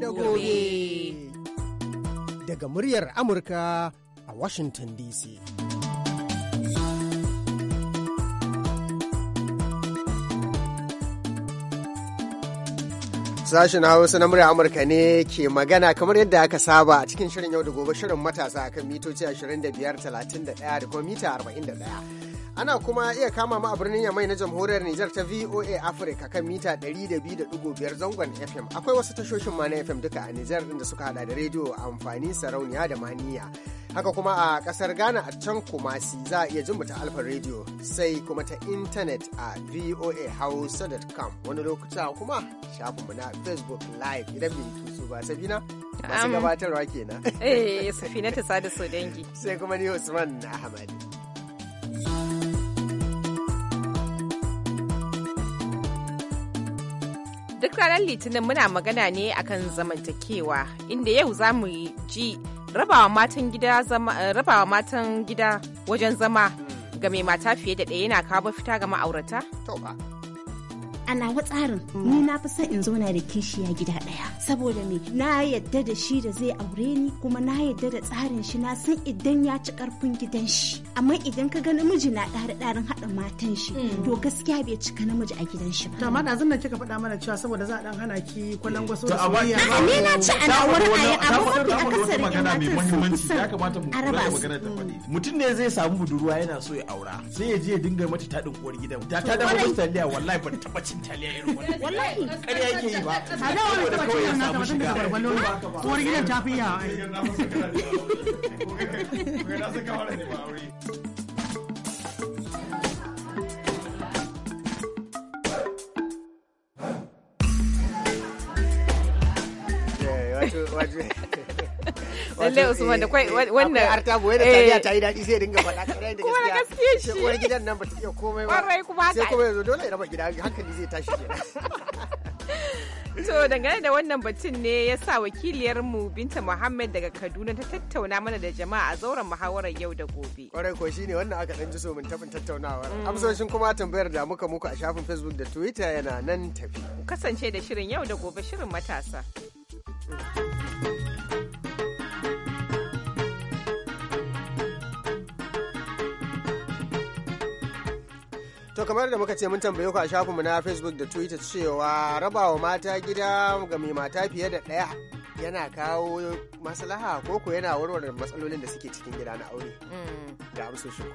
da gobe. Daga muryar Amurka a Washington DC. Sashen Hausa na murya Amurka ne ke magana kamar yadda aka saba a cikin shirin yau da gobe shirin matasa akan mitoci 25, 31 da kuma mita 41. Ana kuma iya kama mu a birnin Yamai na jamhuriyar Nijar ta VOA Africa kan mita 200.5 zangon FM. Akwai wasu tashoshin ma na FM duka a Nijar da suka hada da rediyo amfani sarauniya da maniya. Haka kuma a kasar Ghana a can Kumasi za a iya jin ta Alfa Radio sai kuma ta intanet a voahausa.com wani lokuta kuma shafin mu na Facebook Live idan bin tutu ba sabina masu gabatarwa kenan. Eh, Safina ta sada so dangi. Sai kuma ni Usman Ahmad. ranar Litinin muna magana ne akan zamantakewa inda yau za mu ji rabawa matan gida eh, wajen zama hmm. ga mai mata fiye da ɗaya yana kawo mafita ga ma'aurata? ana wa tsarin ni na fi son in zauna da kishiya gida ɗaya saboda me na yadda da shi da zai aure ni kuma na yadda da tsarin shi na san idan ya ci karfin gidan shi amma idan ka ga namiji na ɗari ɗarin haɗa matan shi mm. to gaskiya bai cika namiji a gidan shi ba. to amma ɗazun nan kika faɗa mana cewa saboda za a ɗan hana ki gwaso da soyayya ba. ni na ci a nan wurin a yi amma mafi akasari ƴan matan sun ya kamata mu kula da magana da fadi. Mm. mutum ne zai samu budurwa yana so ya aura sai ya je ya dinga mata taɗin uwar gidan ta ta da mata taliya wallahi ban taɓa cin cin taliya irin wannan wallahi yi ba a da wani kuma cin uwar gidan lalle Usman da kwai eh, wanda arta goye da tariya eh. ta yi daɗi sai dinga faɗa kare da gaskiya. Kuma da gaskiya shi. Sai wani gidan nan ba ta iya komai ba. Kwarai kuma haka. Sai kuma yanzu dole ya raba gida hankali zai tashi kenan. To dangane da wannan batun ne ya sa wakiliyarmu Binta Muhammad daga Kaduna ta tattauna mana da jama'a a zauren muhawarar yau da gobe. Kwarai ko shine wannan aka ɗan ji so mun tafin tattaunawar. Amsoshin kuma tambayar da muka muku a shafin Facebook da Twitter yana nan tafi. Kasance da shirin yau da gobe shirin matasa. Mm. To kamar da muka ce mun tambaye ku a shafinmu na Facebook da Twitter cewa rabawa mata gida ga mai mata fiye da ɗaya yana kawo maslaha ko ko yana warware matsalolin da suke cikin gida na aure. Da mm. amsoshi ku.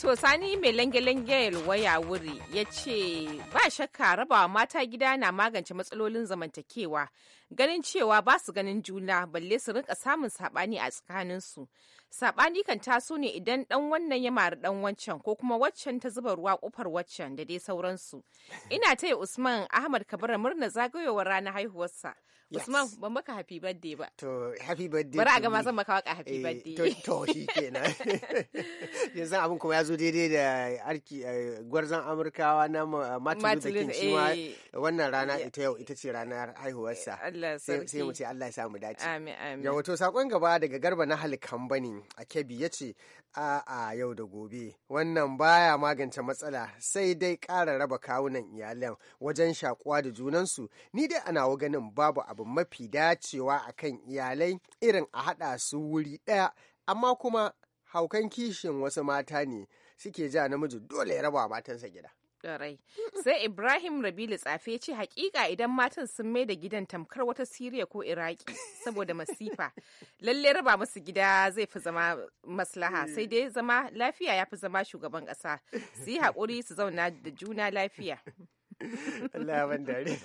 To sani mai lange-lange waya wuri ya ce ba shakka rabawa mata gida na magance matsalolin zamantakewa ganin cewa ba su ganin juna balle su rinka samun saɓani a tsakaninsu saɓani kan taso ne idan ɗan wannan ya mara ɗan wancan ko kuma waccan ta zuba ruwa ƙofar waccan da dai sauransu ina taya usman ahmad kabara murna zagayowar ranar haihuwarsa usman ban maka happy birthday ba to happy birthday bari a gama zan maka waka happy eh, birthday to to shi kenan yanzu abin kuma ya zo daidai da arki eh, gwarzon amurkawa na martin luther king shi eh. wannan rana ita yau ita ce ranar haihuwarsa Allah sarki. Sai mu ce Allah ya samu dace. Amin amin. sakon gaba daga Garba na halikan bani a Kebbi yace a a yau da gobe wannan baya magance matsala sai dai ƙara raba kawunan iyalan wajen shakuwa da junansu ni dai ana ganin babu abu mafi dacewa akan iyalai irin a haɗa su wuri ɗaya amma kuma haukan kishin wasu mata ne suke ja namiji dole ya raba matansa gida. da rai sai ibrahim rabilu tsafe ce hakika idan matan sun mai da gidan tamkar wata siriya ko iraki saboda masifa lalle raba musu gida zai fi zama maslaha hmm. sai dai zama lafiya ya fi zama shugaban ƙasa su yi haƙuri su zauna da juna lafiya Allah ban dare.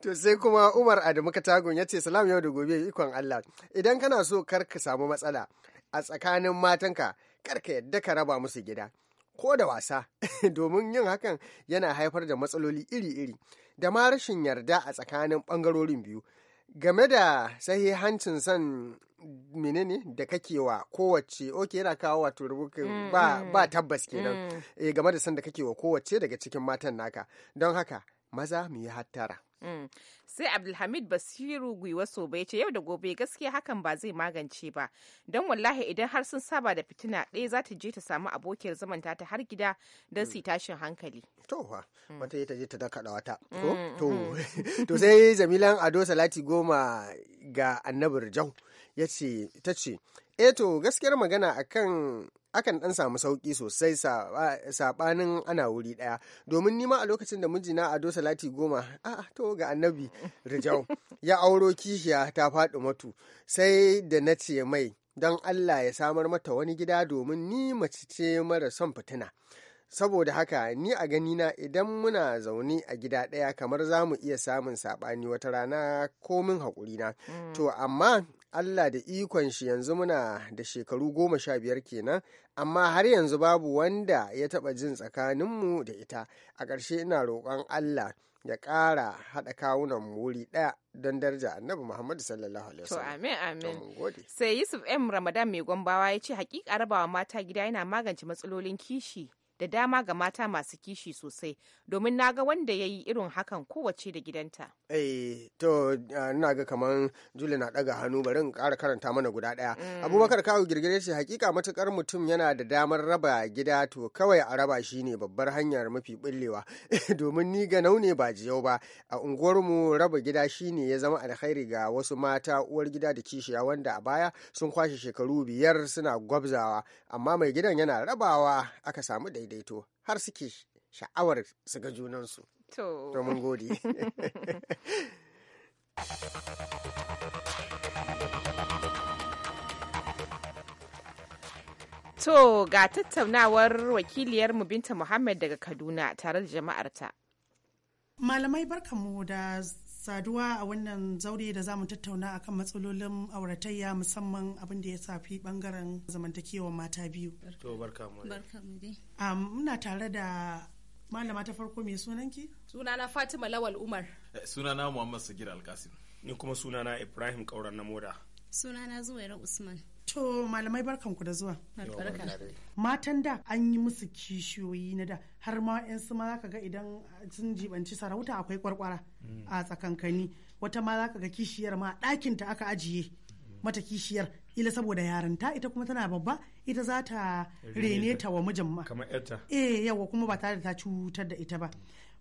to sai kuma Umar Adamu Katagun ya ce salam yau da gobe ikon Allah. Idan kana so kar ka samu matsala a tsakanin matanka kar ka yadda ka raba musu gida. ko da wasa domin yin hakan yana haifar da matsaloli iri-iri da ma rashin yarda a tsakanin ɓangarorin biyu game da hancin son menene da kake wa kowace ok yana kawo wato rubukin mm, mm, ba, tabbas kenan mm. eh, game da son da kake wa kowace daga cikin matan naka don haka maza mu yi hattara Mm. sai abdulhamid basiru gwiwa sobe ce yau da gobe gaskiya hakan ba zai magance ba don wallahi idan har sun saba da fitina ɗaya za ta je ta samu abokiyar zaman ta har gida don mm. su tashin hankali to ha mm. wata ta je ta da wata to to sai jamilan ado salati goma ga annabar jau ya ce ta ce eh to gaskiyar magana akan akan dan samu sauki sosai sabanin ana wuri daya domin nima a lokacin da mijina ado salati goma a to ga annabi rijau ya auro kishiya ta faɗi matu sai da na ce mai don allah ya samar mata wani gida domin ni mace ce mara son fitina saboda haka ni a ganina idan muna zaune a gida ɗaya kamar za mu iya samun saɓani wata rana komin haƙurina mm. to amma Allah da ikon shi yanzu muna da shekaru goma sha biyar kenan amma har yanzu babu wanda ya taɓa jin tsakaninmu da ita a ƙarshe ina roƙon Allah ya ƙara haɗa kawunan wuri ɗaya don daraja annabi Muhammadu sallallahu alaihi wasallam. To amin amin. Sai Yusuf M Ramadan mai gombawa ya ce hakika rabawa mata gida yana magance matsalolin kishi. da dama ga mata masu kishi sosai domin na ga wanda ya yi irin hakan kowace da gidanta. Eh, to ina ga kamar jule na ɗaga hannu bari in kara karanta mana guda ɗaya. Mm. Abubakar kawo girgire shi hakika matukar mutum yana da damar raba gida to kawai a raba shi ne babbar hanyar mafi bullewa domin ni ga ne ba jiyau ba a unguwarmu raba gida shi ne ya zama alkhairi ga wasu mata uwar gida da kishiya wanda a baya sun kwashe shekaru biyar suna gwabzawa amma mai gidan yana rabawa aka samu da daidaito har suke sha'awar su ga junansu. To. Domin gode. To ga tattaunawar wakiliyarmu Binta Muhammad daga Kaduna tare da jama'arta. Malamai barkanmu da saduwa a wannan zaure da zamu tattauna akan matsalolin auratayya musamman abin da ya safi bangaren zamantakewa mata biyu. To barka mu. Barka mu dai. muna tare da malama ta farko mai sunanki? Sunana Fatima Lawal Umar. Eh, sunana Muhammad Sagir Alkasim. Ni kuma sunana Ibrahim Kauran Namoda. Sunana Zuwaira Usman. To malamai barkanku da zuwa. Matan da an yi musu kishiyoyi na da har ma 'yan su ma ka ga idan sun jibanci sarauta akwai kwarkwara mm. a tsakankani wata ma za ka ga kishiyar ma ɗakinta aka ajiye mata kishiyar ila saboda yarinta ita kuma tana babba ita za ta rene ta wa mijin ma. Kamar Eh yawa kuma ba tare da ta cutar da ita ba.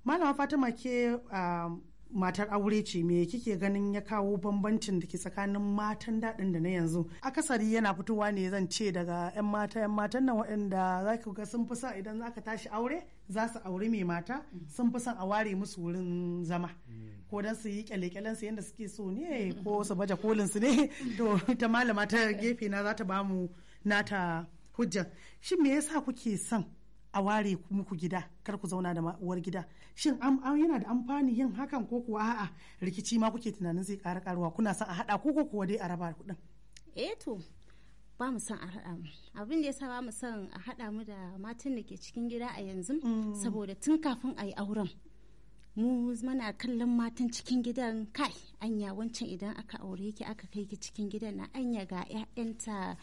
Malama Fatima ke um, matar aure ce me kike ganin ya kawo bambancin da ke tsakanin matan daɗin da na yanzu akasari yana fitowa ne zan ce daga 'yan mata 'yan matan nan waɗanda za ka ga sun fi sa idan za ka tashi aure za su aure mai mata sun fi son a ware musu wurin zama ko don su yi kyale-kyalen su yadda suke so ne ko su baje kolin su ne to ta malama ta gefe na za ta bamu nata hujja. shin me yasa kuke son a ware muku gida kar ku zauna da uwar gida shin yana da amfani yin hakan ko kuwa a'a rikici ma kuke tunanin zai kara karuwa kuna son a haɗa ko kuwa dai a raba kudin. eh to ba mu son a haɗa mu abin da yasa ba mu son a haɗa mu da matan da ke cikin gida a yanzu mm. saboda tun kafin a yi auren mu mana kallon matan cikin gidan kai anya wancan idan aka aure ki aka kai ki cikin gidan na anya ga 'ya'yanta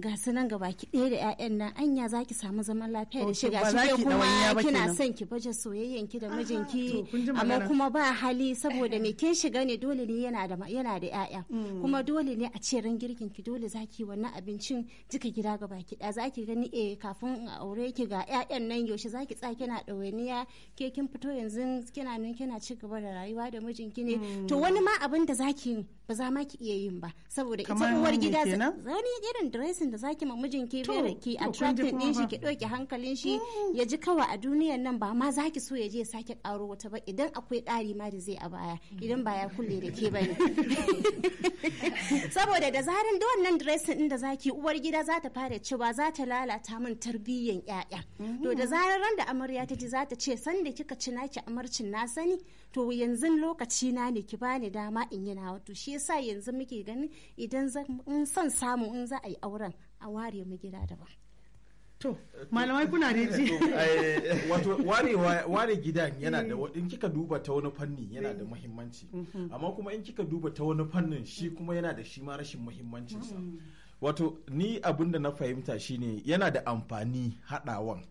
ga su nan gabaki ɗaya da 'ya'yan nan anya za ki samu zaman lafiya da oh, shi ga shi kuma kina son ki baje soyayyen ki da mijinki amma kuma ba hali saboda me kin shiga ne dole ne yana da yana da 'ya'ya hmm. kuma dole ne a ce ran girkin ki dole za ki wannan abincin jika gida gabaki ɗaya za ki gani eh kafin a aure ki ga 'ya'yan nan yaushe za ki tsaya kina ɗawainiya ke kin fito yanzu kina nan kina ci gaba da rayuwa da mijinki ne hmm. to wani ma abin da za ki ba za ma ki iya yin ba saboda ita uwar gida zani irin dressing da zaki ma mijinki bere ki attracting din shi ki doki hankalin shi mm. ya ji kawa a duniyar nan ba ma zaki so ya je sake karo wata ba idan akwai ƙari ma da zai a baya idan ba ya kulle da ke bane saboda da zarin da wannan dressing din da zaki uwar gida za ta fara cewa za ta lalata min tarbiyyan yaya mm-hmm. to da zarar ran da amarya ta ji za ta ce san da kika ci naki amarcin na sani to yanzu lokaci na ne ki bani dama in yi na wato shi yasa yanzu muke gani idan in san samu in za a yi auren a ware mu gida ba. to malamai kuna da ji wato ware gidan yana da eh. in kika duba ta wani fanni yana da eh. muhimmanci mm-hmm. amma kuma in kika duba ta wani fannin shi mm. kuma yana da shi ma rashin muhimmancinsa mm-hmm. wato ni abin da na fahimta shine yana da amfani haɗawan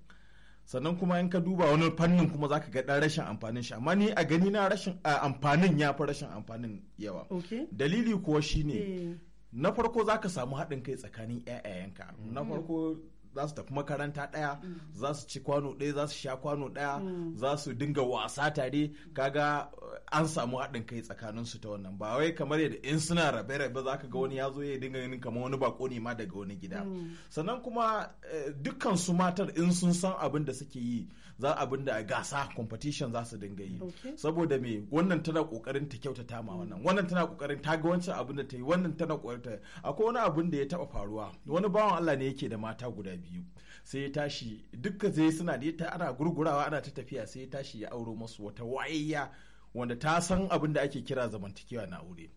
sannan kuma in ka duba wani fannin kuma zaka ga dan rashin amfanin shi amma ni a gani na rashin amfanin ya fi rashin amfanin yawa dalili kuwa shine eh. na farko za ka samu haɗin kai tsakanin 'ya'yayanka na farko za su tafi makaranta ɗaya mm. za su ci kwano ɗaya za su sha kwano ɗaya mm. za su dinga wasa tare kaga uh, an samu haɗin kai tsakanin su ta wannan ba wai kamar yadda in suna rabe-rabe za ka ga wani ya zo ya dinga ganin kamar wani bako ne ma daga wani gida mm. sannan kuma uh, dukkan su matar in sun san abin da suke yi za abin da gasa competition za su dinga yi saboda me wannan tana kokarin ta kyautata ma wannan wannan tana kokarin ta ga wancan abin da ta yi wannan tana kokarin ta akwai wani abin da ya taba faruwa wani bawan Allah ne yake da mata guda biyu biyu sai ya tashi dukkan zai suna da ta ana gurgurawa ana ta tafiya sai ya tashi ya auro masu wata wayayya wanda ta san abin da ake kira zamantakewa na aure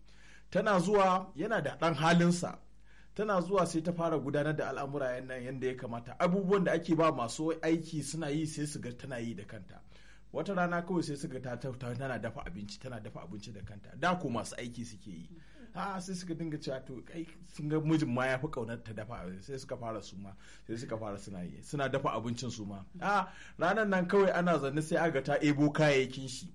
tana zuwa yana da ɗan halinsa tana zuwa sai ta fara gudanar da al'amura nan yadda ya kamata abubuwan da ake ba masu aiki suna yi sai su ga tana yi da kanta wata rana kawai sai suka ta tana dafa abinci tana dafa abinci da kanta da ko masu aiki suke yi a ah, sai suka dinga cewa to kai sun ga mijin ma ya fi kaunar ta dafa sai suka fara su ma sai suka fara suna yi suna dafa abincin su ma a ah, ranar nan kawai ana zanne sai aga ta ebo kayayyakin shi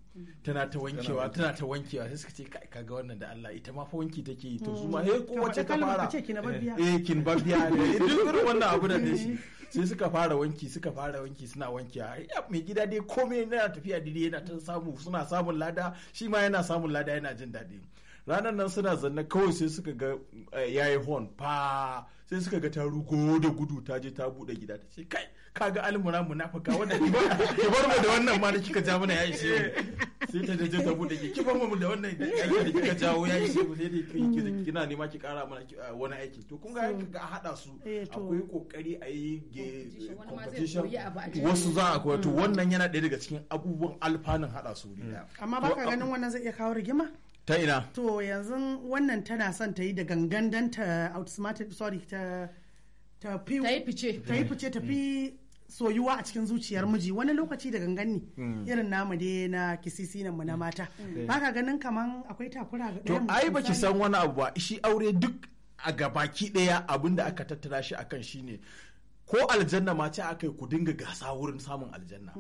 tana ta wankewa tana ta wankewa sai suka ce kai kaga wannan da Allah ita ma fa wanki take yi to hmm. su ma eh ko ce ta fara eh kin babbiya ne duk irin wannan abu da shi sai suka fara wanki suka fara wanki suna wankewa mai gida dai komai yana tafiya dire yana ta samu suna samun lada shi ma yana samun lada yana jin daɗi ranar nan suna zanne kawai sai suka ga eh, yayi horn fa sai suka ga ta rugo da gudu ta je ta bude gida ta ce kai kaga almura munafika wannan ki bar mu da wannan ma da kika ja mana ya shi sai ta je ta bude gida ki bar mu da wannan da kika jawo ya shi mu dai da ki mm. kina nema ki kara mana eh, wani aiki to kun ga ga hada su eh, akwai kokari a yi competition wasu za a kwato mm. wannan yana daya daga cikin abubuwan alfanun hada su mm. amma baka ganin wannan zai iya kawo rigima ta ina to yanzu wannan tana son ta yi da gangan dan ta automatic sorry ta ta fi ta yi fice ta fice ta fi soyuwa a cikin zuciyar miji wani lokaci da gangan ne mm. irin namu ne na kisisi nan mu na mata mm. ba ka ganin kaman akwai takura ga to ai baki san wani abu ba shi aure duk a gabaki daya abin da aka tattara shi akan shine ko aljanna ma ce aka yi ku dinga gasa wurin samun aljanna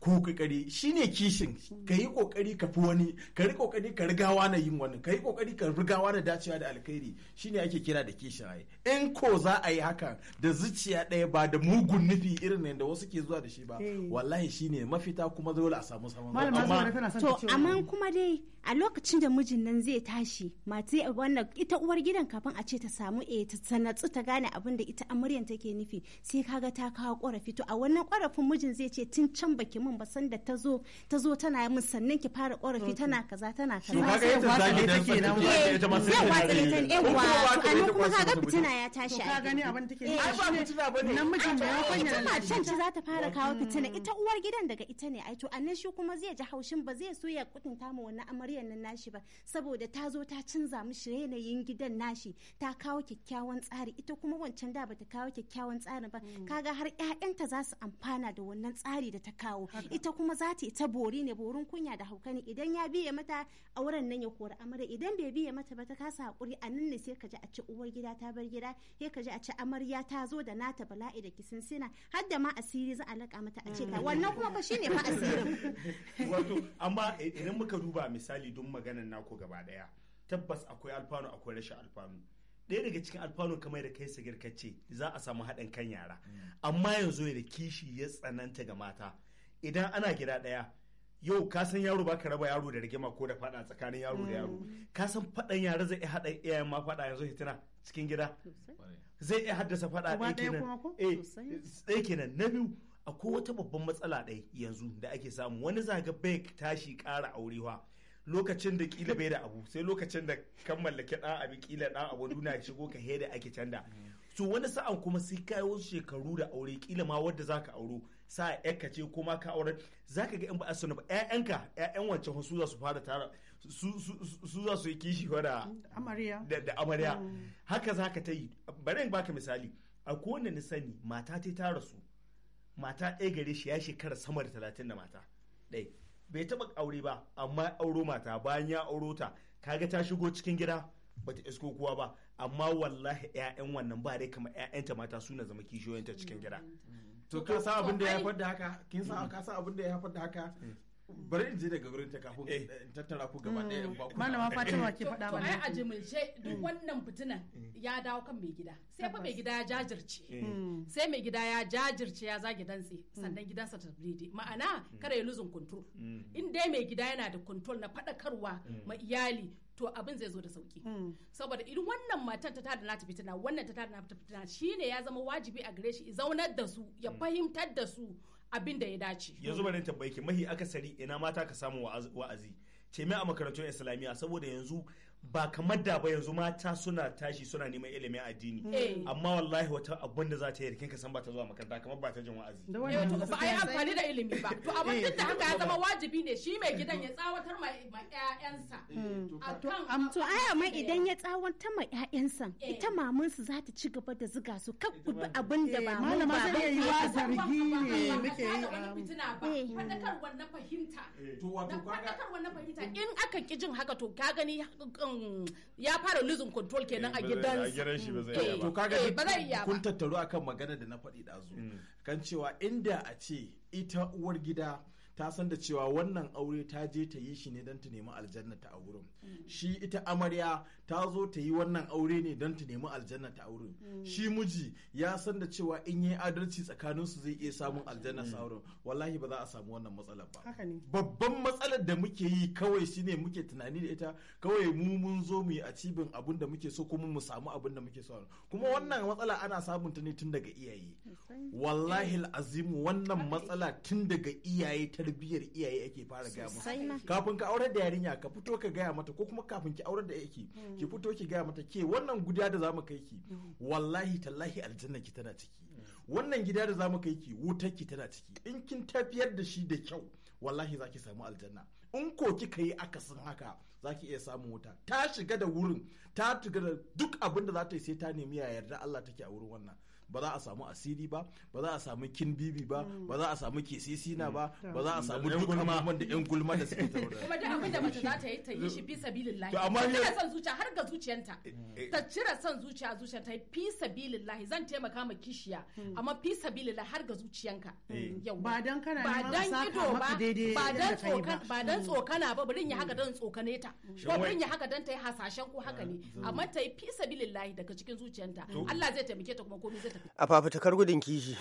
ku kokari shine kishin ka yi kokari ka fi wani ka yi kokari ka rigawa na yin wani ka yi kokari ka rigawa na dacewa da alkhairi shine ake kira da kishin ai in ko za a yi haka da zuciya ɗaya ba da mugun nufi irin ne da wasu ke zuwa da shi ba eh. wallahi shine mafita kuma dole a samu samun amma kuma dai a lokacin da mijin nan zai tashi mata wannan ita uwar gidan kafin a ce ta samu e ta sanatsu ta gane abin da ita amaryan take nufi sai kaga ta kawo korafi to a wannan korafin mijin zai ce tun can baki mun ba san da ta zo ta zo tana mun sannan ki fara korafi tana kaza tana kaza sai watsale take nan eh, sai watsale ta ne wa anan kuma kaga fitina ya tashi ka gani abin take eh, ai ba fitina bane nan mijin ba ya fanya nan can ci za ta fara kawo fitina ita uwar gidan daga ita ne ai to annan shi kuma zai ji haushin ba zai so ya kutunta mu wannan amarya muryar nan nashi ba saboda ta zo ta canza mishi yanayin gidan nashi ta kawo kyakkyawan tsari ita kuma wancan da bata kawo kyakkyawan tsarin ba mm. kaga har ƴaƴanta za su amfana da wannan tsari da ta kawo ita kuma za ta ita bori ne borin kunya da hauka idan ya biye mata auren nan ya kori amarya idan bai biye mata ba ta kasa hakuri a nan ne sai ka ji a ci uwar gida ta bar gida sai ka ji a ci amarya ta zo da nata bala'i da kisinsina sina har da ma asiri za a laka mata a ce ta mm. wannan kuma fa shine fa asirin wato amma idan muka duba misali misali don na naku gaba daya tabbas akwai alfanu akwai rashin alfanu ɗaya daga cikin alfanu kamar da kai sigir ce za a samu haɗin kan yara mm. amma yanzu da kishi ya tsananta ga mata idan ana gida ɗaya yau ka san yaro baka raba yaro da rigima ko da faɗa tsakanin yaro da yaro mm. ka san faɗan yara zai iya haɗa iyayen ma faɗa yanzu hitina cikin gida zai iya haddasa faɗa eh, ɗaya kenan na biyu akwai wata babban matsala ɗaya yanzu da ake samu wani zaga bai tashi ƙara aurewa lokacin da kila bai da abu sai lokacin da kan mallake da abu kila da abu duna shigo ka heda ake canda so wani sa'an kuma sai kai wasu shekaru da aure kila ma wadda zaka auro sa ka ce kuma ka aure zaka ga in ba asuna ba ƴaƴanka ƴaƴan wancan su za su fara tara su za su yi kishi da amarya da amarya mm. haka zaka ta yi bari in baka misali a kowanne ni sani mata ta tara su mata ɗaya gare shi ya shekara sama da talatin da mata ɗaya bai taba aure ba amma auro mata bayan ya auro ta kaga ta shigo cikin gida bata isko kowa ba amma wallahi ƴaƴan wannan ba dai kama 'ya'yanta mata suna zama kishiyoyinta cikin gida mm. to mm. ka san abin da ya haifar da haka kin san ka san abin da ya haifar da haka bari in je daga wurin ta kafin eh. in tattara ku gaba ɗaya in ba ku malama fatima ke faɗa mana ai a duk mm. wannan fitina mm. ya dawo kan mai gida sai fa mai gida ya jajirce mm. sai mai gida ya jajirce ya zage dantse sannan gidansa ta bleed ma'ana kada ya lose control in dai mai gida yana da control na faɗakarwa ma iyali to abin zai zo da sauki saboda irin wannan matan ta tada nata fitina wannan ta tada nata fitina shine ya zama wajibi a gare shi zaunar da su ya fahimtar da su abin da ya dace. Yanzu bari tambaye ki mahi akasari ina mata ka samu wa'azi ce a makarantun Islamiyya saboda yanzu ba kamar da ba yanzu mata suna tashi suna neman ilimin addini amma wallahi wata abun da za ta yi rikin ka san ba ta zuwa makaranta kamar ba ta jin wa'azi ba a yi amfani da ilimi ba to abin duk da haka ya zama wajibi ne shi mai gidan ya tsawatar ma ƴaƴansa akan to ai amma idan ya tsawatar ma ƴaƴansa ita mamansu za ta ci gaba da zuga su kan kudi bi abin da ba mu ba zai yi wa zargi ne muke yi fitina ba fadakarwa na fahimta to wato kaga fahimta in aka ki jin haka to ka gani ya fara losing control kenan eh, a gidan eh, to kaga eh, kun tattaru akan magana da na faɗi ɗazu mm. kan cewa inda a ce ita uwar gida ta san da cewa wannan aure ta je ta yi shi ne don ta nemi aljanna ta wurin shi ita amarya ta zo ta yi wannan aure ne don ta nemi aljanna ta wurin shi miji ya san da cewa in yi adalci tsakanin su zai iya samun aljanna ta wurin wallahi ba za a samu wannan matsalar ba babban matsalar da muke yi kawai shine muke tunani da ita kawai mu mun zo mu yi cibin abin da muke so kuma mu samu abin da muke so kuma wannan matsala ana samun ta ne tun daga iyaye wallahi eh. azimu wannan matsala tun daga iyaye ta tarbiyyar iyaye ake fara gaya musu kafin ka aurar da yarinya ka fito ka gaya mata ko kuma kafin ki aurar da yake mm. ki fito ki gaya mata ke wannan guda da zamu kai ki mm. wallahi tallahi aljanna ki tana ciki wannan gida da zamu kai ki wutar ki tana ciki in kin tafiyar da shi da kyau wallahi zaki samu aljanna in ko kika yi akasin haka zaki iya samun wuta ta shiga da wurin ta tuga da duk abin da za ta yi sai ta nemi ya yarda Allah take a wurin wannan ba za a samu asiri ba ba za a samu kin bibi ba mm. ba za a samu kesisina ba mm. ba za a mm. samu dukkan da yan gulma da suke zaune kuma da abin da mace za ta yi ta yi shi fi sabilillahi amma ta son zuciya har ga zuciyanta eh, eh. ta cire son zuciya zuciya ta yi fi sabilillahi zan taimaka ma kishiya amma fi sabilillahi har ga zuciyanka eh. ba dan kana ba dan ido ba ba dan tsokana ba dan tsokana ba bari ya haka dan tsokane ta ko bari ya haka dan ta yi hasashen ko haka ne amma ta yi fi sabilillahi daga cikin zuciyanta Allah zai taimake ta kuma komai zai ta a fafutukar gudun kishi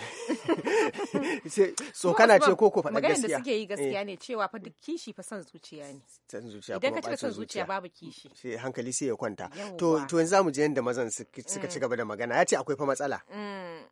kana ce ko ko faɗa gaskiya maganar da suke yi gaskiya eh. ne cewa fa duk kishi fa son zuciya ne san zuciya idan ka cika son zuciya babu kishi sai hankali sai ya kwanta to to yanzu zamu je yanda mazan suka mm. ci gaba da magana ya ce akwai fa matsala mm.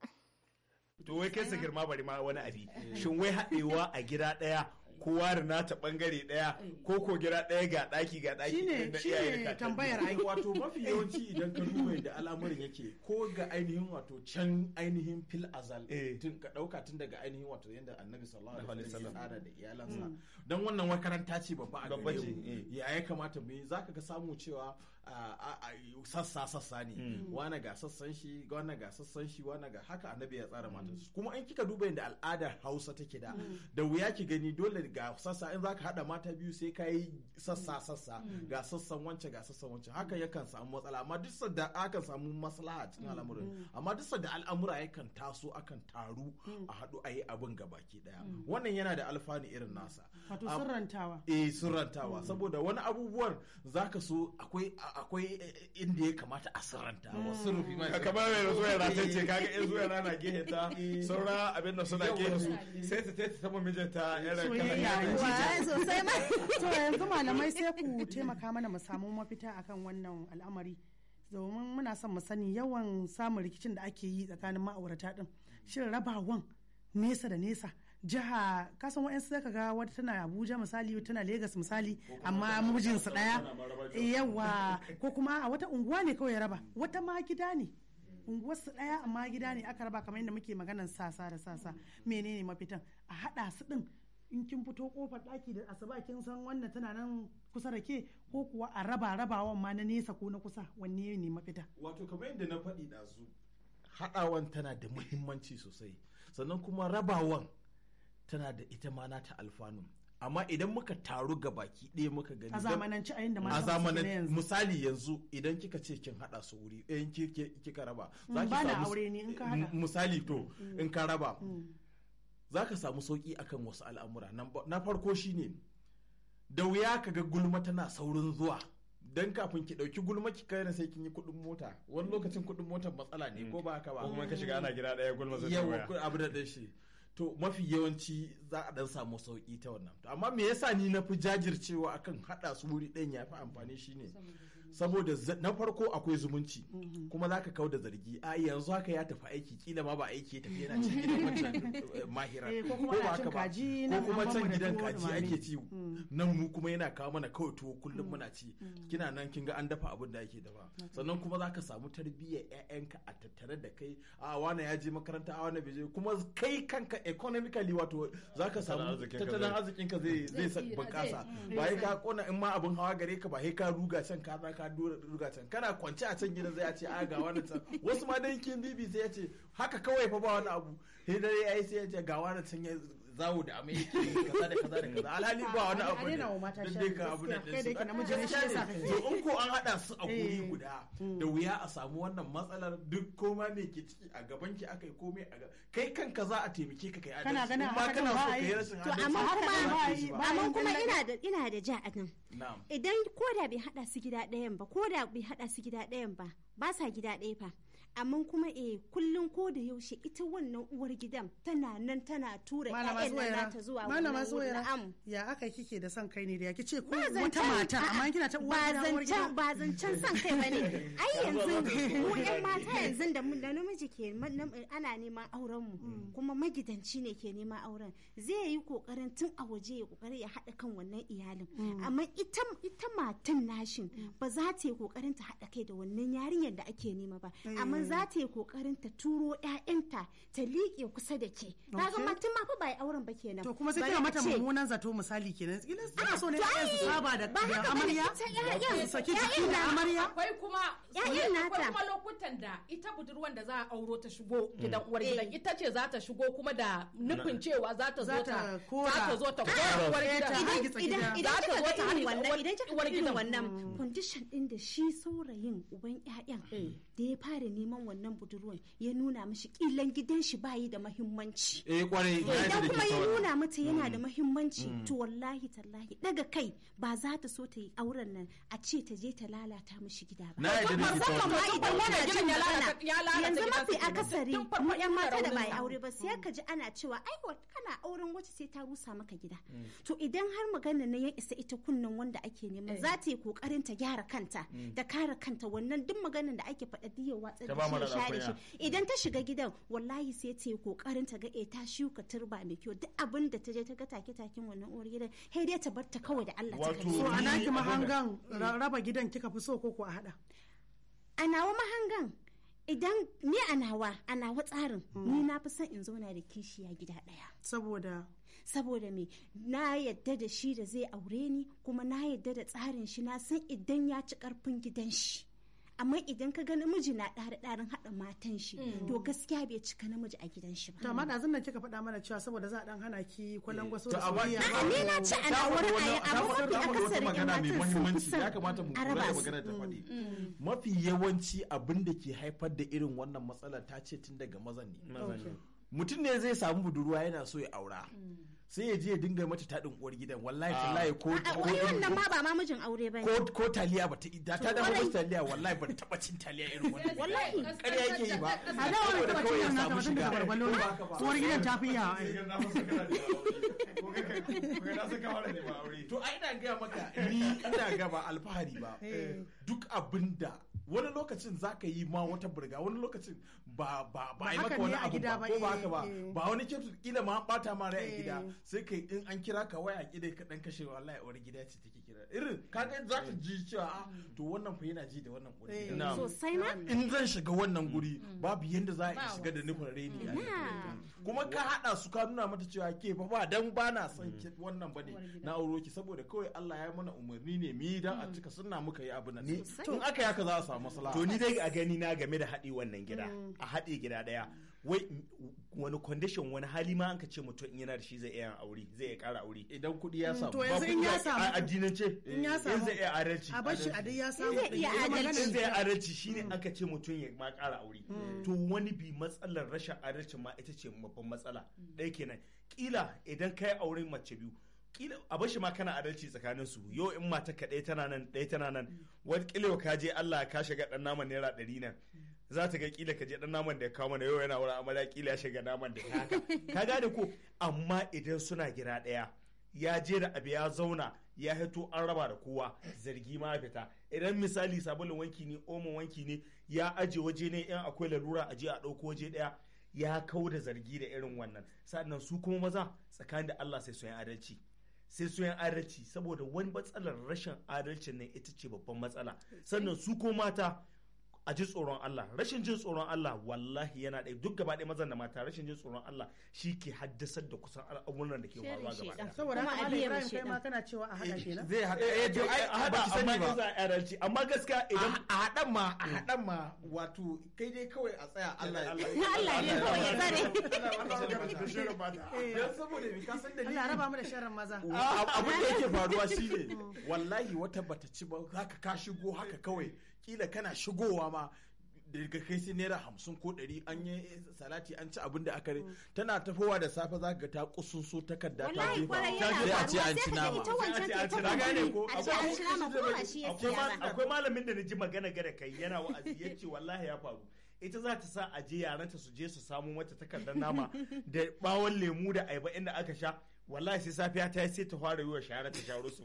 to wai kai sa girma bari ma wani abi shin wai haɗewa a gida ɗaya kowa da nata bangare daya ko ko gira daya ga daki ga daki Shi shine tambayar ai wato mafi yawanci idan ka duba da al'amarin yake ko ga ainihin wato can ainihin fil azal eh. tun ka dauka tun daga ainihin wato yanda annabi sallallahu alaihi wasallam ya da iyalansa mm. dan wannan wakaranta ce babba a gare mu eh. ya ya kamata mu yi zaka ga samu cewa sassa sassa ne hmm. wane ga sassan shi wane ga sassan shi wane ga haka annabi ya tsara mata kuma in kika duba yadda al'adar hausa take da hmm. da wuya ki gani dole ga sassa in zaka hada mata biyu sai ka yi sassa hmm. sassa ga sassan wance ga sassan wance haka yakan samu matsala amma duk sadda akan samu maslaha cikin al'amuran amma duk sadda al'amura yakan taso akan taru a hadu a yi abin gabaki daya wannan yana da alfanu irin nasa wato surrantawa eh surrantawa saboda wani abubuwan zaka so akwai akwai eh, eh, inda ya kamata a sirranta hmm. wasu rufi mai kamar mai zuwa yana ta ce kaga yanzu yana na gehe ta eh. saura abin da suna gehe su sai ta taita ta mijinta irin kamar sosai ma to yanzu malamai sai ku taimaka mana mu samu mafita akan wannan al'amari domin muna son mu sani yawan samun rikicin da ake yi tsakanin ma'aurata din shin rabawan nesa da nesa jiha kasan wa'yansu zaka ga wata tana abuja misali wata tana legas misali amma mijinsu daya yawa ko kuma a wata unguwa ne kawai raba wata ma gida ne su daya amma gida ne aka raba kamar yadda muke maganan sasa da sasa menene mafitan a hada su din in kin fito kofar daki da asuba kin san wannan tana nan kusa da ke ko kuwa a raba rabawan ma na nesa ko na kusa wanne ne mafita wato kamar yadda na faɗi dazu haɗawan tana da muhimmanci sosai sannan kuma rabawan tana da ita ma nata alfanun amma idan muka taru ga baki ɗaya muka gani a zamananci a yanda mata ne yanzu misali yanzu idan kika ce kin hada su wuri eh, in kika raba za ki samu aure ne in ka hada misali to mm. in ka raba mm. za ka samu sauki akan wasu al'amura na farko shine da wuya ka ga gulma tana saurin zuwa dan kafin ki dauki gulma ki kai sai kin yi kudin mota wani lokacin kudin motar matsala ne mm. ko ba haka ba kuma ka shiga ana gida daya gulma zai yawa abu da shi to mafi yawanci za a dan samu sauki ta wannan to amma me yasa ni na fi jajircewa akan hada su wuri ɗayan ya fi amfani shine saboda na farko akwai zumunci mhm. kuma za ka kau da zargi a yanzu haka ya tafi aiki kila ma ba aiki ya tafi yana cin gidan wancan eh, mahira eh, ko ba haka ba ko kuma can gidan kaji ake ci mm. nan mu kuma yana kawo mana kawai tuwo kullum mm. muna ci mm. kina nan kin ga an dafa abin da ake dafa sannan kuma za ka samu tarbiyyar ƴaƴanka a tattare da kai a wani ya je makaranta a wani bai je kuma kai kanka economically wato za ka samu tattalin arzikinka zai bunƙasa ba ka kona in ma abin hawa gare ka ba ka ruga can ka ka duga can kana kwance a can gidan zai a ce a ah, ga wani can wasu ma dan kin bibi sai ya ce haka kawai fa ba wani abu sai dare yayi sai ya ce ga wani can zawo da amai yake eh, kaza da kaza da kaza alhali ba wani abu ne dai ka abu da su in ko an hada su a guri eh. guda mm. da wuya a samu wannan matsalar duk koma me ke ciki a gaban ki akai komai a kai kanka za a taimake ka kai adalci amma kana so kai rashin adalci amma kuma amma kuma ina da ina da ja a nan idan ko da bai hada su gida ɗayan ba ko da bai hada su gida ɗayan ba ba sa gida ɗaya fa amma kuma eh kullum ko da yaushe ita wannan uwar gidan tana nan tana tura ƴaƴan nan nata zuwa malama zuwaira am ya aka kike da san kai ne da ya kice ko wata mata amma kina ta uwar gidan uwar gidan ba zancen san kai bane ai yanzu mu ƴan mata yanzu da namiji ke ana neman auren mu mm. kuma magidanci ne ke neman auren zai yi kokarin tun a waje ya kokari ya haɗa kan wannan iyalin mm. amma ita ita matan nashin mm. ba za ta yi kokarin ta haɗa kai da wannan yarinyar da ake nema ba amma kuma za ta yi kokarin ta turo ƴaƴanta ta liƙe kusa da ke ta ga matan ma fa ba auren ba kenan to kuma sai kina mata mummunan zato misali kenan kila suna so ne ƴaƴan ah, su saba da amarya ƴaƴan saki jiki da amarya akwai kuma ƴaƴan nata akwai kuma lokutan da ita budurwan da za a auro ta shigo gidan mm. uwar gidan eh. ita ce za ta shigo kuma da nufin cewa za ta zo ta za ta zo ta kora ah, uwar gidan idan idan kika ga irin wannan idan kika wannan condition din da shi saurayin uban ƴaƴan eh. da ya fara neman wannan budurwan ya nuna mishi kilan gidan shi bayi da mahimmanci eh kwarai idan kuma ya nuna mata yana da mm. mahimmanci mm. to wallahi tallahi daga kai ba za ta so ta yi auren nan a ce ta je ta lalata mishi gida ba na idan yanzu mafi akasari mu yan mata da bai aure ba sai mm. ka ji ana cewa ai kana auren wacce sai ta rusa maka gida to idan har magana na ya isa ita kunnan wanda ake neman eh. za ta yi kokarin ta gyara kanta da kare kanta wannan duk maganan da ake faɗa haka watsa da shi share shi idan ta shiga gidan wallahi sai ta yi kokarin ta ga eh ta shuka turba mai kyau duk abin da ta je ta ga take take wannan uwar gidan sai dai ta bar kawai da Allah ta kai so ana ki mahangan raba gidan kika fi so ko ko a hada a nawa mahangan idan ni a nawa a nawa tsarin hmm. ni na fi son in zauna da kishiya gida daya saboda saboda me na yadda da shi da zai aure ni kuma na yadda da tsarin shi na san idan ya ci karfin gidan shi amma idan ka ga namiji na ɗari ɗarin haɗa matan shi to gaskiya bai cika namiji a gidan shi ba to amma ɗazun nan kika faɗa mana cewa saboda za a ɗan hana ki kwallon gwaso da soyayya na ne na ci a wani ayi amma mafi akasari ƴan matan sun ya kamata mu kula da magana ta faɗi mafi yawanci abin da ke haifar da irin wannan matsalar ta ce tun daga mazan ne mutum ne zai samu budurwa yana so ya aura sai ya je dinga mata taɗin uwar gidan wallahi ah. tallahi ko ko wannan ma ba ma mijin aure ba ko ko taliya ba ta da ta da mata taliya wallahi ba taba cin taliya irin wannan wallahi ƙarya yake yi ba a da wani taba cin wannan ka batun daga barballo ne uwar gidan ta ba aure. to ai ina ga maka ni ina ga ba alfahari ba eh. duk abinda wani lokacin za ka yi ma wata burga wani lokacin ba ba ba yi maka wani abu ba ko ba haka ba eh, eh. ba wani kyautu kila ma bata ma rai a gida eh. sai kai in an kira ka waya kida ka dan kashe wallahi wani gida ce take kira irin ka ga za ka ji cewa a ah, to wannan fa yana ji da wannan guri sai ma in zan shiga wannan guri mm. babu yanda za a shiga da nufin ne mm. kuma ka hada su ka nuna mata cewa ke fa ba dan bana son mm. wannan bane na auro ki saboda kawai Allah ya mana umarni ne mi dan a cika sunna muka yi abu nan in aka yaka za a samu to ni dai a gani na game da haɗi wannan gida mm. a haɗi gida ɗaya wai wani condition wani hali ma an ka ce mutum yana da shi zai iya aure zai iya ƙara aure idan kuɗi ya mm, samu to yanzu in ya samu a addinance in ya eh, samu zai iya adalci a bashi a dai ya samu zai iya adalci zai iya adalci shine mm. an ka ce mutum ya ma ƙara aure to wani bi matsalar rashin adalci ma ita ce babban matsala ɗaya kenan kila idan kai auren mace biyu kila a shi ma kana adalci tsakanin su yau in mata ka tana nan ɗaya tana nan wani kila ka je Allah ka shiga ɗan naman naira ɗari nan za ta ga kila ka je ɗan naman da ya kawo mana yau yana wurin amarya kila ya shiga naman da ya haka ka gane ko amma idan suna gida ɗaya ya je da abu ya zauna ya hito an raba da kowa zargi ma fita idan misali sabulun wanki ne omo wanki ne ya aje waje ne in akwai lalura je a ɗauko waje ɗaya ya kau da zargi da irin wannan sannan su kuma maza tsakanin da Allah sai su yi adalci sai su yan adalci saboda wani matsalar rashin adalcin ne ita ce babban matsala sannan su ko mata a ji tsoron Allah rashin jin tsoron Allah wallahi yana da duk gaba ɗaya mazan da mata rashin jin tsoron Allah shi ke haddasar da kusan al'amuran da ke faruwa gaba ɗaya saboda haka Ali Ibrahim kai ma kana cewa a haɗa eh, kenan zai haɗa eh to ai a haɗa amma ba za a yaralci amma gaskiya idan a haɗa ma a mm. haɗa ma wato kai dai kawai a tsaya eh, Allah ya Allah ne kawai ya tsare dan eh, saboda mi ka san da ni Allah raba mu da sharrin maza abin da yake faruwa shine mm. wallahi wata bata ci ba zaka ka shigo haka kawai kila kana shigowa ma daga kai sai naira hamsin ko ɗari an yi salati an ci abin da aka rai mm. tana tafowa da safe za ka ta kusunso takarda ta jefa ta je a ce an ci nama akwai malamin da na ji magana gada kai yana wa'azi ya ce wallahi ya faru ita za ta sa a je yaranta su je su samu mata takardar nama da bawon lemu da ayaba inda aka sha wallahi sai safiya ta yi sai ta fara yi wa shahara ta sharo su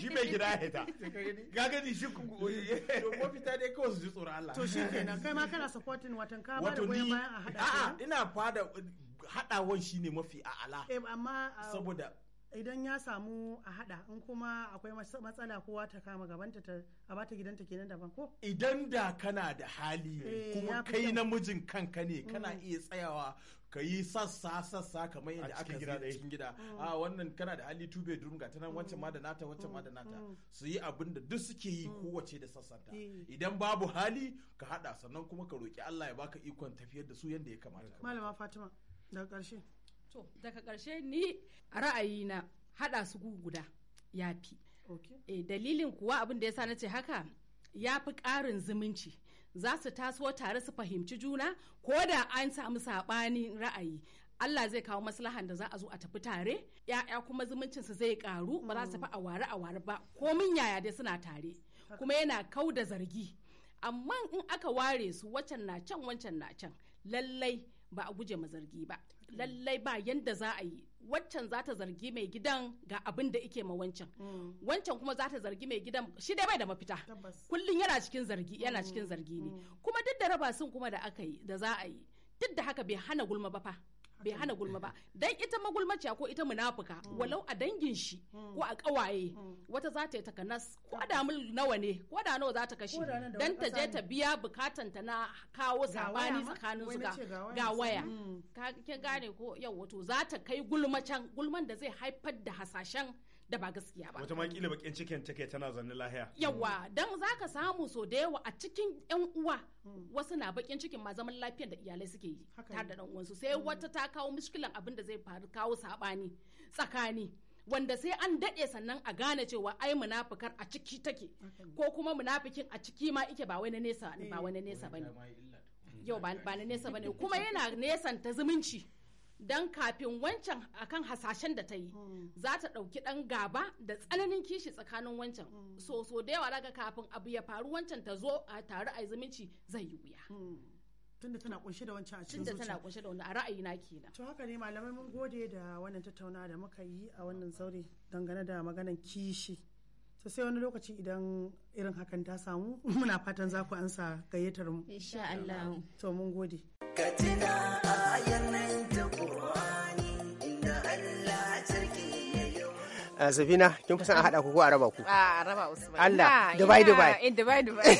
shi mai gida ya hita ga gani shi ku ko fita dai kawai su ji tsoron Allah to shi kenan kai ma kana supporting watan ka ba da goyon bayan a hada a'a ina fada hadawan shine mafi a'ala eh, amma ah, saboda idan ya samu a hada in kuma akwai matsala kowa ta kama gabanta ta a bata gidanta kenan daban ko idan da kana da hali eh, kuma kai namijin kanka ne kana mm. iya tsayawa ka yi sassa sassa kamar yadda aka gida da cikin gida mm. a ah, wannan kana da hali two bedroom ga tana wancan ma da mm. nata wancan ma da mm. nata su yi abin da duk suke yi kowace da sassanta eh. idan babu hali ka hada sannan kuma ka roki Allah ya baka ikon tafiyar da su yadda ya kamata malama Fatima daga karshe to daga karshe ni ra'ayi ra'ayina hada su guguda ya fi eh, dalilin kuwa abin da yasa nace haka ya fi ƙarin zumunci za su taso tare su fahimci juna ko da an samu saɓanin ra'ayi Allah zai kawo maslahan da za a zo a tafi tare ya'ya kuma zumuncin su zai karu ba za su fi a ware a ware ba komin yaya dai suna tare kuma yana kau da zargi amma in aka ware su wancan na can wancan na can lallai ba a guje ma zargi ba lallai ba yanda za a yi Wancan za ta zargi mai gidan ga abin da ike ma wancan mm. wancan kuma za ta zargi mai gidan shi dai bai da mafita kullum yana cikin zargi yana mm. cikin zargi ne mm. kuma duk da raba sun kuma da aka yi da za a yi duk da haka bai hana gulma ba fa bai hana gulma ba dan ita magulmaciya ko ita munafuka mm. walau a dangin shi mm. ko a kawaye mm. wata za ta yi takanas ko da mil nawa ne ko da nawa za ta kashe dan ta je ta biya bukatan ta na kawo sabani tsakanin su ga waya ka gane ko yau wato za ta kai gulma gulman da zai haifar da hasashen da ba gaskiya ba. Wata ma kila bakin cikin take tana zanne lahiya. Yawa dan zaka samu so da yawa a cikin yan uwa wasu na bakin cikin ma zaman lafiyar da iyalai suke yi tare da dan uwansu sai wata ta kawo mishkilan abin da zai faru kawo sabani tsakani. wanda sai an daɗe sannan a gane cewa ai munafikar a ciki take ko kuma munafikin a ciki ma ike ba wani nesa ba eh. wani nesa bane yau ba na nesa bane kuma yana nesanta zumunci don kafin wancan akan hasashen da ta yi hmm. za ta ɗauki ɗan gaba da tsananin kishi tsakanin wancan hmm. so so da yawa daga kafin abu ya faru wancan ta zo a tare a zumunci zai yi wuya hmm. tunda tana kunshe da wancan a cikin zuciya Tunda tana kunshe da wannan a ra'ayi na kenan to haka ne malamai mun gode da wannan tattauna da muka yi a wannan zaure dangane da maganar kishi to sai wani lokaci idan irin hakan ta samu muna fatan za ku ansa gayyatar mu insha Allah to mun gode ka tuna a a kin fi san a haɗa ku ko a raba ku? A raba Usman. Allah, Dubai Dubai. Dubai Dubai.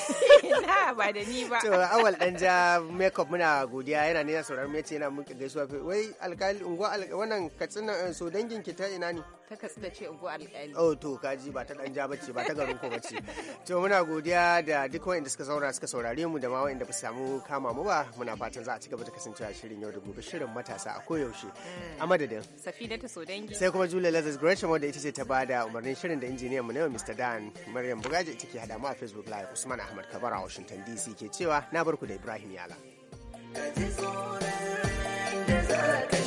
na ba da ni ba to awal dan ja makeup muna godiya yana ne sauran me ce yana muke gaisuwa wai alkali unguwa wannan katsina eh, so dangin ki ta ina ne ta katsina ce unguwa alkali oh to kaji ba ta dan ja bace ba ta garin ko bace to muna godiya da duk wanda suka saura suka saurare mu da ma wanda ba su samu kama mu ba muna fatan za a ci gaba da kasancewa shirin yau da gobe shirin matasa a koyaushe mm. a madadin safina ta so dangi sai kuma julia lazarus gresham wanda ita ce ta bada umarnin shirin da injiniyan mu ne mr dan maryam bugaje ita ke hada mu a facebook live usman ahmad kabara Washington DC ke cewa na barku da Ibrahim Yala. Ka ji tsoron da za ka